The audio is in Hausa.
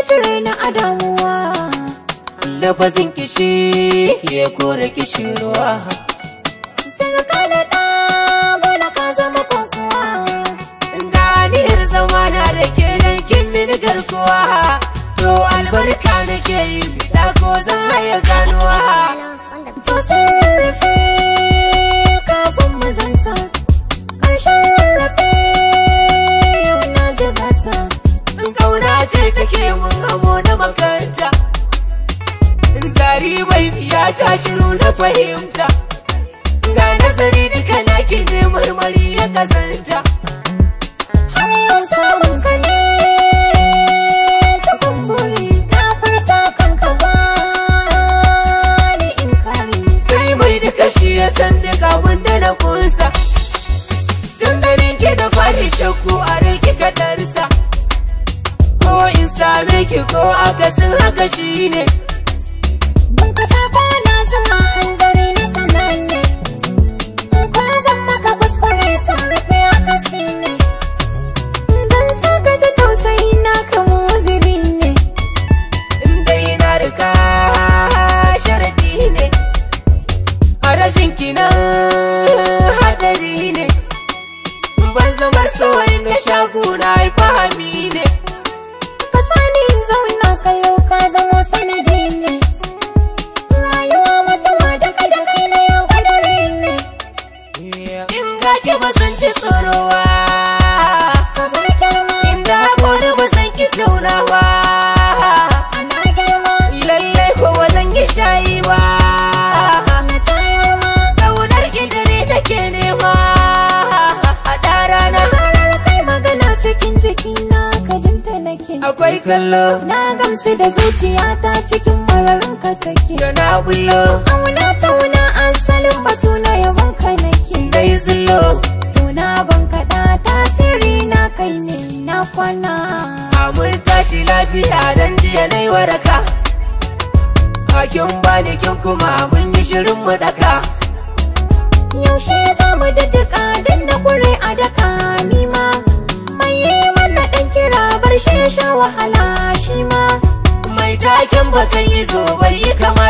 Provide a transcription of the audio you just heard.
ka na adamuwa. damuwa lafazin kishi ya kore kishi ruwa sarka da ka zama kokowa ganiyar zama na da ke nan kin min garkuwa to albarka nake yi ko zan haya ganuwa to in kauna ce take mun hawo na makaranta in zari mai biya ta shiru na fahimta ga nazari duka na ne marmari ya kazanta har samun ne Shi ya san na Tun ganin ki da ku a aiki ko akasin haka shine Bin ka sako na zama hanzari na sananne In ko zan maka kuskure tun rufe akasi ne Don saka ta tausayi na kama wuziri ne In dai na rika ne A rashin kina hadari ne Ban zama so in ga shaguna fahami ne zauna ka yau ka zama sanadin ne Rayuwa mutuwa da ka da na yau kadarin ne In ga ki ba san ci tsoro ba Kamar kyau Inda akwai kallo na gamsu da zuciya ta cikin mararin ka take da na bullo auna wuna an salin batu na yawan ka nake yi zullo tuna ban kaɗa tasiri na kai ne na kwana mun tashi lafiya dan jiya na yi waraka hakin bani kin kuma mun yi shirin mu daka yaushe za mu da baka yi zo bai yi kama